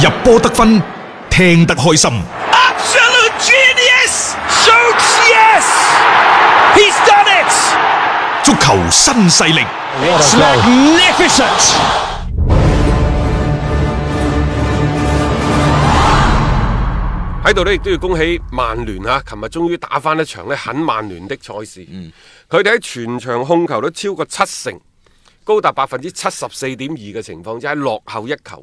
入波得分，聽得開心。Absolute genius, Jude! Yes, he's done it. 足球新勢力，Magnificent！喺度呢，亦都要恭喜曼聯啊，琴日終於打返一場呢，很曼聯的賽事。嗯，佢哋喺全場控球都超過七成。高達百分之七十四點二嘅情況之下，落後一球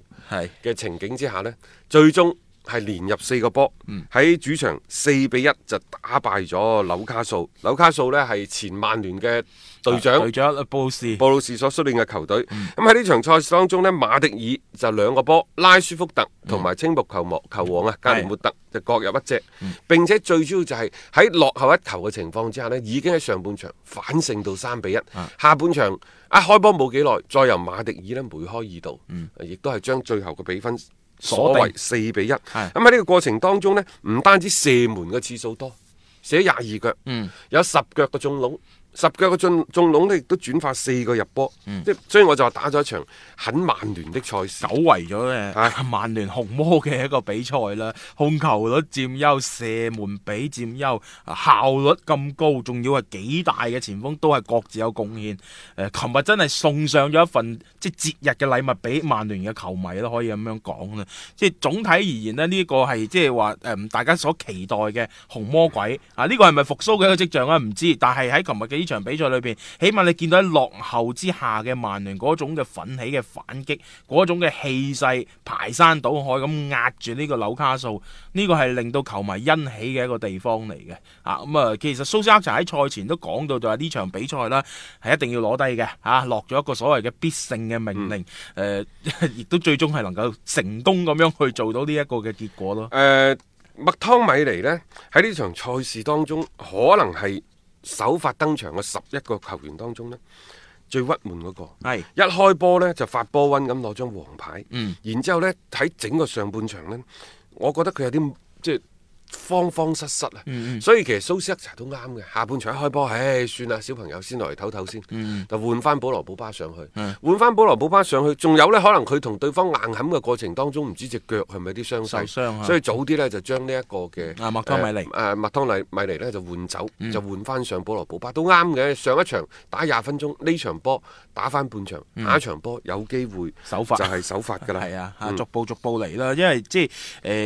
嘅情景之下呢是的 最終。係連入四個波，喺、嗯、主場四比一就打敗咗紐卡素。紐卡素呢係前曼聯嘅隊長，隊、啊、長啊布斯。布魯士所率領嘅球隊。咁喺呢場賽事當中呢，馬迪爾就兩個波，拉舒福特同埋青木球王球王啊、嗯、加尼莫特就各入一隻，嗯、並且最主要就係喺落後一球嘅情況之下呢，已經喺上半場反勝到三比一，啊。下半場啊開波冇幾耐，再由馬迪爾呢梅開二度，亦都係將最後嘅比分。所謂四比一的，咁喺呢個過程當中呢，唔單止射門嘅次數多，射咗廿二腳，嗯、有十腳嘅中籠。十個個進進籠咧，亦都轉發四個入波，即係、嗯、所以我就話打咗一場很曼聯的賽，久違咗嘅曼聯紅魔嘅一個比賽啦，控球率佔優，射門比佔優，效率咁高，仲要係幾大嘅前鋒都係各自有貢獻。誒、呃，琴日真係送上咗一份即係節日嘅禮物俾曼聯嘅球迷咯，都可以咁樣講啦。即係總體而言呢，呢、這個係即係話誒大家所期待嘅紅魔鬼啊！呢、這個係咪復甦嘅一個跡象咧？唔知，但係喺琴日嘅。呢場比賽裏邊，起碼你見到喺落後之下嘅曼聯嗰種嘅奮起嘅反擊，嗰種嘅氣勢排山倒海咁壓住呢個紐卡素，呢、這個係令到球迷欣喜嘅一個地方嚟嘅啊！咁、嗯、啊，其實蘇斯克喺賽前都講到就話呢場比賽啦，係一定要攞低嘅啊，落咗一個所謂嘅必勝嘅命令，誒、嗯、亦、呃、都最終係能夠成功咁樣去做到呢一個嘅結果咯。誒、呃，麥湯米尼呢，喺呢場賽事當中，可能係。首發登場嘅十一個球員當中呢，最鬱悶嗰個係是一開波呢，就發波溫咁攞張黃牌。嗯，然之後呢，喺整個上半場呢，我覺得佢有啲即係。慌慌失失啊！所以其實蘇斯克查都啱嘅，下半場一開波，唉、哎，算啦，小朋友先嚟唞唞先，嗯嗯就換翻保羅保巴上去，嗯、換翻保羅保巴上去，仲有呢？可能佢同對方硬撼嘅過程當中，唔知隻腳係咪啲傷，受傷所以早啲呢就將呢一個嘅阿麥當米尼，誒麥當米米尼，尼呢就換走，嗯、就換翻上保羅保巴都啱嘅，上一場打廿分鐘，呢場波打翻半場，嗯、下一場波有機會首發就係首發噶啦，係、嗯、 啊，逐步逐步嚟啦，因為即係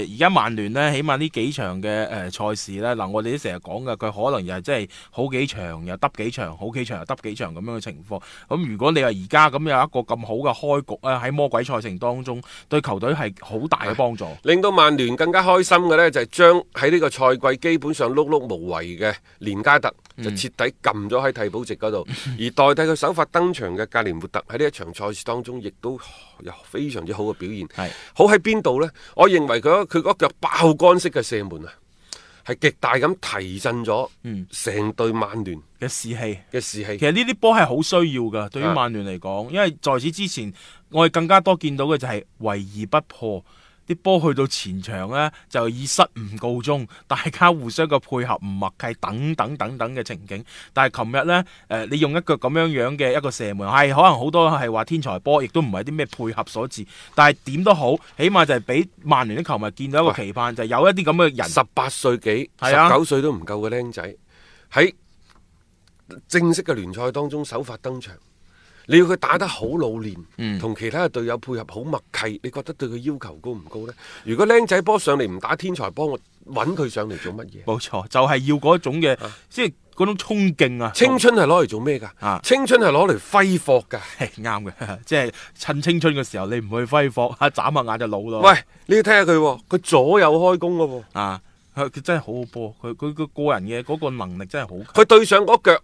誒而家曼聯呢，起碼呢幾場。嘅誒，賽事咧，嗱我哋都成日講嘅，佢可能又係即係好幾場又得幾場好幾場又得幾場咁樣嘅情況，咁、嗯、如果你話而家咁有一個咁好嘅開局啊，喺魔鬼賽程當中，對球隊係好大嘅幫助、啊。令到曼聯更加開心嘅咧，就係將喺呢個賽季基本上碌碌無為嘅連加特、嗯、就徹底撳咗喺替補席嗰度， 而代替佢首發登場嘅格連活特喺呢一場賽事當中，亦都有非常之好嘅表現，係是好喺邊度咧？我認為佢佢嗰腳爆桿式嘅射門。係極大咁提振咗嗯，成隊曼聯嘅士氣嘅士氣。其實呢啲波係好需要噶，對於曼聯嚟講，的因為在此之前，我哋更加多見到嘅就係圍而不破。啲波去到前場呢，就以失誤告終，大家互相嘅配合唔默契，等等等等嘅情景。但係琴日呢，誒、呃、你用一個咁樣樣嘅一個射門，係、哎、可能好多係話天才波，亦都唔係啲咩配合所致。但係點都好，起碼就係俾曼聯啲球迷見到一個期盼，喂就係有一啲咁嘅人，十八歲幾、十九歲都唔夠嘅僆仔喺正式嘅聯賽當中首發登場。你要佢打得好老練，同其他嘅隊友配合好默契，你覺得對佢要求高唔高呢？如果僆仔波上嚟唔打天才波，我揾佢上嚟做乜嘢？冇錯，就係、是、要嗰種嘅，即係嗰種衝勁啊！青春係攞嚟做咩㗎？青春係攞嚟揮霍㗎。係啱嘅，即係趁青春嘅時候，你唔去揮霍，嚇眨下眼就老咯。喂，你要睇下佢，佢左右開弓嘅喎。啊，佢、啊、真係好好波，佢佢個人嘅嗰、嗰個能力真係好。佢對上嗰腳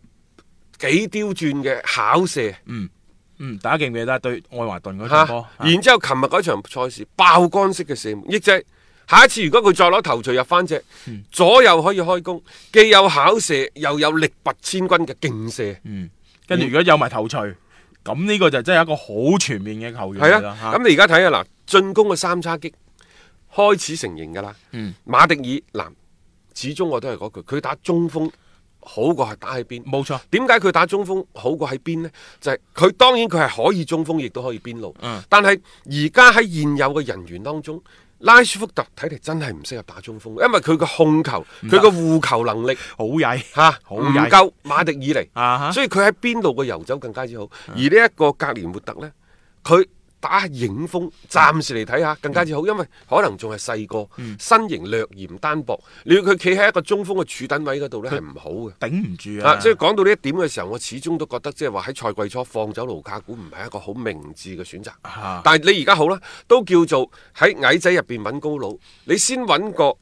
幾刁鑽嘅巧射，嗯。嗯，打勁嘅，大家記唔記得對愛華頓嗰場波，然之後琴日嗰場賽事爆干式嘅射門，亦即係下一次如果佢再攞頭槌入翻隻，嗯、左右可以開弓，既有巧射又有力拔千鈞嘅勁射嗯，嗯，跟住如果有埋頭錘，咁、這、呢個就真係一個好全面嘅球員看看啦。吓，咁你而家睇下，嗱，進攻嘅三叉戟開始成型噶啦，嗯，馬迪爾嗱，始終我都係嗰句，佢打中鋒。好過係打喺邊，冇錯錯。點解佢打中鋒好過喺邊呢？就係、是、佢當然佢係可以中鋒，亦都可以邊路。嗯、但係而家喺現有嘅人員當中，嗯、拉斯福特睇嚟真係唔適合打中鋒，因為佢嘅控球、佢嘅護球能力好曳吓，唔夠行、啊、馬迪爾尼。嗯、所以佢喺邊度嘅游走更加之好。嗯、而呢一個格連活特呢？佢。打影鋒，暫時嚟睇下更加之好，嗯、因為，可能仲係細個，嗯、身形略嫌單薄。你要佢企喺一個中鋒嘅柱躉位嗰度呢，係唔好嘅，頂唔住啊，啊！即係講到呢一點嘅時候，我始終都覺得即係話喺賽季初放走盧卡古唔係一個好明智嘅選擇。啊、哈但係你而家好啦，都叫做喺矮仔入邊揾高佬，你先揾個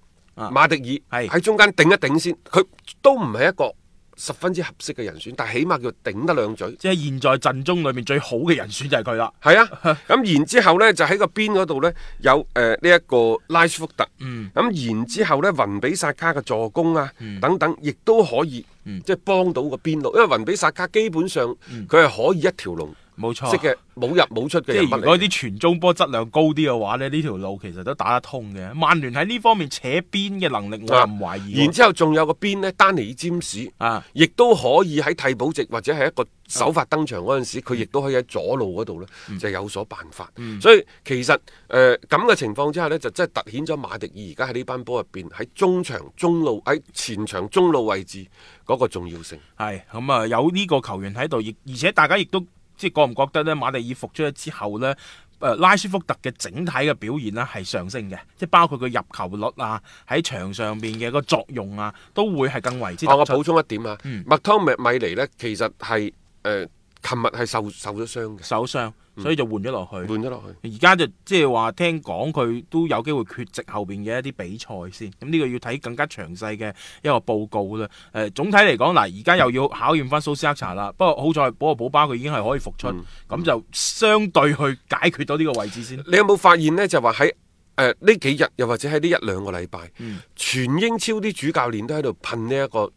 馬迪爾喺、啊、中間頂一頂先，佢都唔係一個。十分之合適嘅人選，但係起碼叫頂得兩嘴，即係現在陣中裏面最好嘅人選就係佢啦。係啊，咁然之後呢就喺個邊嗰度呢，有誒呢一個拉舒福特，咁然之後呢雲比薩卡嘅助攻啊等等，亦都可以即係幫到個邊路，因為雲比薩卡基本上佢係可以一條龍。冇錯，即係冇入冇出嘅，即係如果啲傳中波質量高啲嘅話咧，呢條路其實都打得通嘅。曼聯喺呢方面扯邊嘅能力，我唔懷疑、啊。然之後仲有個邊咧，丹尼詹士亦都可以喺替補席或者係一個首發登場嗰陣時，佢亦都可以喺左路嗰度咧，嗯、就有所辦法。所以其實誒咁嘅情況之下呢就真係凸顯咗馬迪爾而家喺呢班波入邊喺中場中路喺前場中路位置嗰個重要性。係咁啊，有呢個球員喺度，而且大家亦都。嗯嗯嗯嗯嗯即係覺唔覺得咧？馬蒂爾復出之後咧，誒拉舒福特嘅整體嘅表現咧係上升嘅，即係包括佢入球率啊，喺場上邊嘅個作用啊，都會係更為之、啊。我補充一點啊，嗯、麥湯米，米尼咧，其實係誒。呃琴日係受受咗傷，受傷，所以就換咗落去。換咗落去，而家就即係話聽講佢都有機會缺席後邊嘅一啲比賽先。咁呢個要睇更加詳細嘅一個報告啦。誒、呃，總體嚟講，嗱，而家又要考驗翻蘇斯克查啦。不過好在保個保巴佢已經係可以復出，咁、嗯、就相對去解決到呢個位置先。你有冇發現呢？就話喺誒呢幾日，又或者喺呢一兩個禮拜，嗯、全英超啲主教練都喺度噴呢一個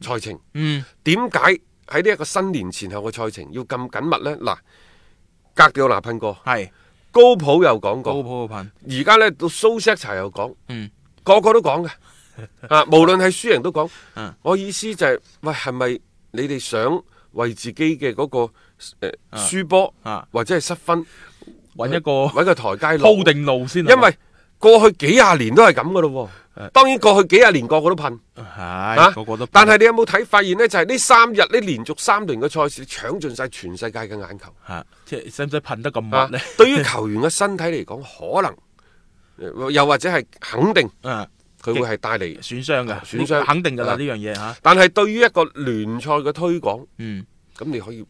賽程。嗯，點解？喺呢一個新年前後嘅賽程要咁緊密咧，嗱，格調嗱噴過，係是高普又講過，高普噴，而家咧到蘇斯查又講，嗯，個個都講嘅， 啊，無論係輸贏都講，啊、我意思就係、是，喂，係咪你哋想為自己嘅嗰、那個誒輸波啊，啊或者係失分，揾、啊、一個揾個台階鋪定路先，因為過去幾廿年都係咁噶咯喎。啊當然過去幾廿年個個都噴，係是、啊、個個都，但係你有冇睇發現呢？就係、是、呢三日呢連續三輪嘅賽事搶盡晒全世界嘅眼球，吓即係使唔使噴得咁猛咧？對於球員嘅身體嚟講，可能、呃、又或者係肯定，佢、啊、會係帶嚟損傷嘅損傷，嗯、肯定噶啦呢樣嘢吓。啊、但係對於一個聯賽嘅推廣，嗯，咁你可以。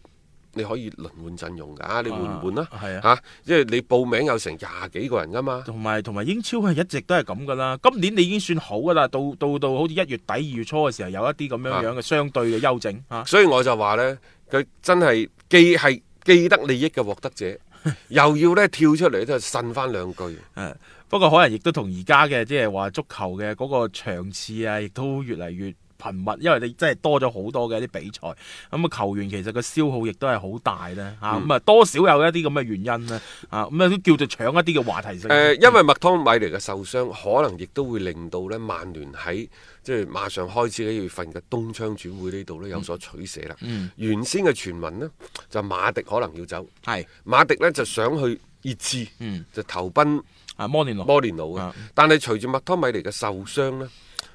你可以輪換陣容㗎，你換唔換啦？係啊，嚇、啊啊，因為你報名有成廿幾個人㗎嘛。同埋同埋英超係一直都係咁㗎啦，今年你已經算好㗎啦，到到到好似一月底二月初嘅時候，有一啲咁樣樣嘅相對嘅休整。所以我就話呢，佢真係既係既得利益嘅獲得者， 又要呢跳出嚟都係呻翻兩句、啊。不過可能亦都同而家嘅即係話足球嘅嗰個場次啊，亦都越嚟越頻密，因為你真係多咗好多嘅一啲比賽，咁啊球員其實個消耗亦都係好大咧嚇，咁啊多少有一啲咁嘅原因咧嚇，咁啊叫做搶一啲嘅話題性。誒、呃，因為麥湯米尼嘅受傷，可能亦都會令到咧曼聯喺即係馬上開始喺月份嘅冬窗轉會呢度咧有所取捨啦。嗯嗯、原先嘅傳聞呢，就馬迪可能要走，係是馬迪呢就想去熱刺，嗯、就投奔摩連奴，摩連奴啊，但係隨住麥湯米尼嘅受傷呢，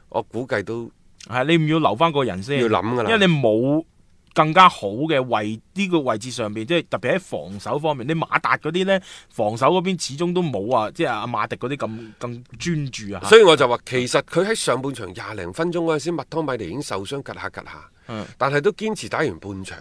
我估計都。都係，你唔要留翻個人先，要諗噶啦。因為你冇更加好嘅位呢、這個位置上邊，即係特別喺防守方面，你馬達嗰啲呢，防守嗰邊始終都冇啊，即係阿馬迪嗰啲咁咁專注啊。所以我就話，嗯、其實佢喺上半場廿零分鐘嗰陣時，麥湯米尼已經受傷，吉下吉下，嗯、但係都堅持打完半場。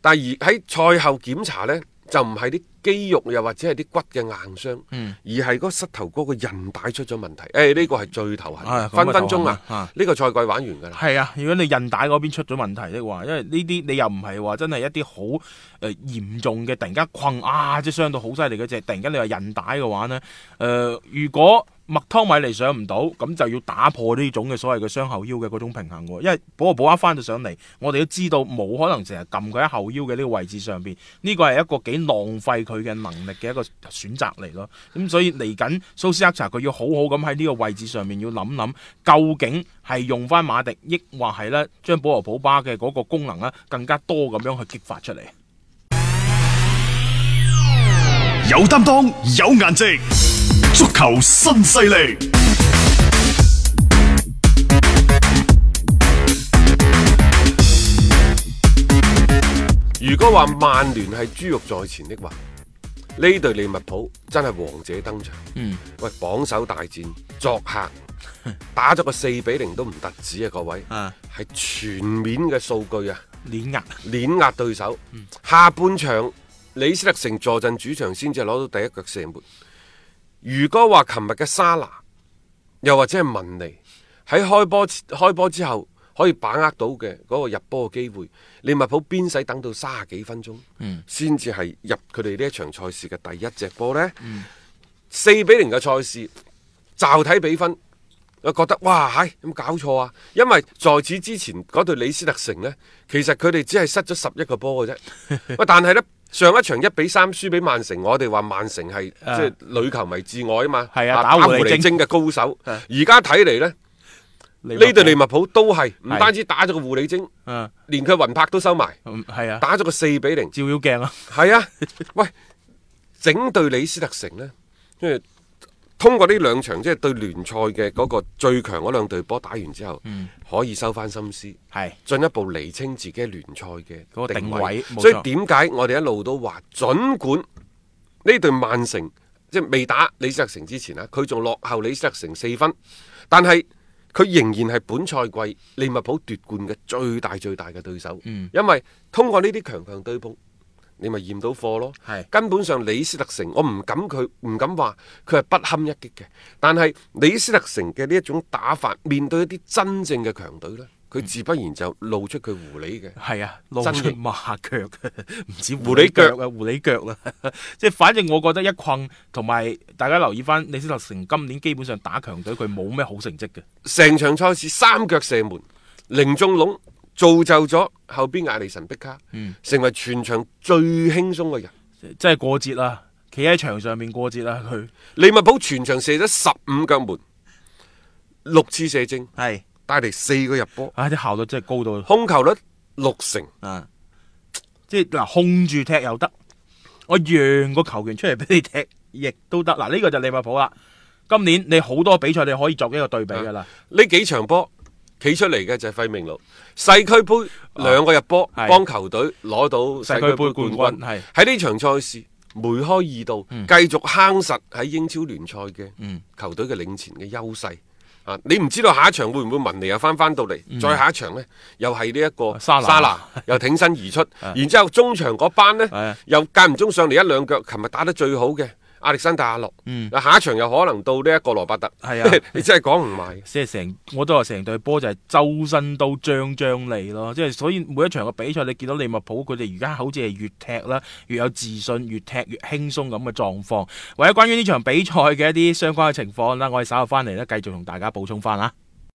但係而喺賽後檢查呢。就唔係啲肌肉又或者係啲骨嘅硬傷，嗯、而係嗰膝頭哥個韌帶出咗問題。誒呢個係最頭痕，啊、頭分分鐘啊！呢、啊、個賽季玩完㗎啦。係啊，如果你韌帶嗰邊出咗問題的話，因為呢啲你又唔係話真係一啲好誒嚴重嘅，突然間轟啊！即傷到好犀利嗰隻，突然間你話韌帶嘅話呢，誒、呃、如果。麥湯米尼上唔到，咁就要打破呢種嘅所謂嘅雙後腰嘅嗰種平衡喎。因為保羅·普巴翻到上嚟，我哋都知道冇可能成日撳佢喺後腰嘅呢個位置上邊，呢個係一個幾浪費佢嘅能力嘅一個選擇嚟咯。咁所以嚟緊蘇斯克查，佢要好好咁喺呢個位置上面要諗諗，究竟係用翻馬迪，抑或係咧將保羅·普巴嘅嗰個功能咧更加多咁樣去激發出嚟。有擔當，有顏值。足球新勢力。如果話曼聯係珠玉在前的話，呢隊利物浦真係王者登場。嗯，喂，榜首大戰，作客打咗個四比零都唔突止啊各位。啊，係全面嘅數據啊，碾壓，碾壓對手。嗯，下半場李斯特城坐鎮主場，先至攞到第一腳射門。如果話琴日嘅沙拿，又或者係文尼喺開波開波之後，可以把握到嘅嗰個入波嘅機會，利物浦邊使等到三十幾分鐘，嗯，先至係入佢哋呢一場賽事嘅第一隻波呢？嗯，四比零嘅賽事，就睇比分，我覺得哇，唉，有冇搞錯啊？因為在此之前嗰對李斯特城呢，其實佢哋只係失咗十一個波嘅啫，但係呢…… 上一場一比三輸俾曼城，我哋話曼城係即係女球迷至愛啊嘛，啊打狐狸精嘅高手。而家睇嚟呢，呢隊利，利物浦都係唔、啊、單止打咗個狐狸精，連佢魂魄都收埋。係啊，嗯、啊打咗個四比零，照妖鏡咯。係啊，啊 喂，整隊李斯特城呢？因、就、為、是。通過呢兩場即係對聯賽嘅嗰個最強嗰兩隊波打完之後，嗯、可以收翻心思，係進是一步厘清自己聯賽嘅定位，定位所以點解我哋一路都話，盡管呢隊曼城即係未打李斯特城之前啊，佢仲落後李斯特城四分，但係佢仍然係本賽季利物浦奪冠嘅最大最大嘅對手。嗯、因為通過呢啲強強對碰。你咪驗到貨咯！是根本上李斯特城，我唔敢佢，唔敢話佢係不堪一擊嘅。但係李斯特城嘅呢一種打法，面對一啲真正嘅強隊呢，佢自不然就露出佢狐狸嘅，係啊，真係馬腳，唔止狐狸腳啊，狐狸腳啊！即係反正我覺得一困，同埋大家留意翻李斯特城今年基本上打強隊，佢冇咩好成績嘅，成場賽事三腳射門，零中籠。造就咗後邊艾利神碧卡，嗯、成為全場最輕鬆嘅人，即係過節啦，企喺場上面過節啦。佢利物浦全場射咗十五腳門，六次射正，係是帶嚟四個入波，啊，啲效率真係高到，控球率六成啊，嘖即係嗱，控住踢又得，我讓個球員出嚟俾你踢亦都得。嗱，呢、這個就係利物浦啦，今年你好多比賽你可以作一個對比噶啦，呢、啊、幾場波。企出嚟嘅就係費明路，世俱杯兩個入波，幫、啊、球隊攞到世俱杯冠軍。喺呢場賽事梅開二度，繼、嗯、續夯實喺英超聯賽嘅球隊嘅領前嘅優勢。嗯、啊，你唔知道下一場會唔會文尼又翻翻到嚟？嗯、再下一場咧，又係呢一個沙拿南，沙拿又挺身而出。啊、然之後中場嗰班呢，啊嗯、又間唔中上嚟一兩腳，琴日打得最好嘅。阿歷山大阿洛，6, 嗯，下一場又可能到呢一個羅伯特，係啊， 你真係講唔埋，即係成我都話成隊波就係周身都張張利咯，即係所以每一場嘅比賽你見到利物浦佢哋而家好似係越踢啦，越有自信，越踢越輕鬆咁嘅狀況。或者關於呢場比賽嘅一啲相關嘅情況咧，我哋稍後翻嚟咧繼續同大家補充翻吓。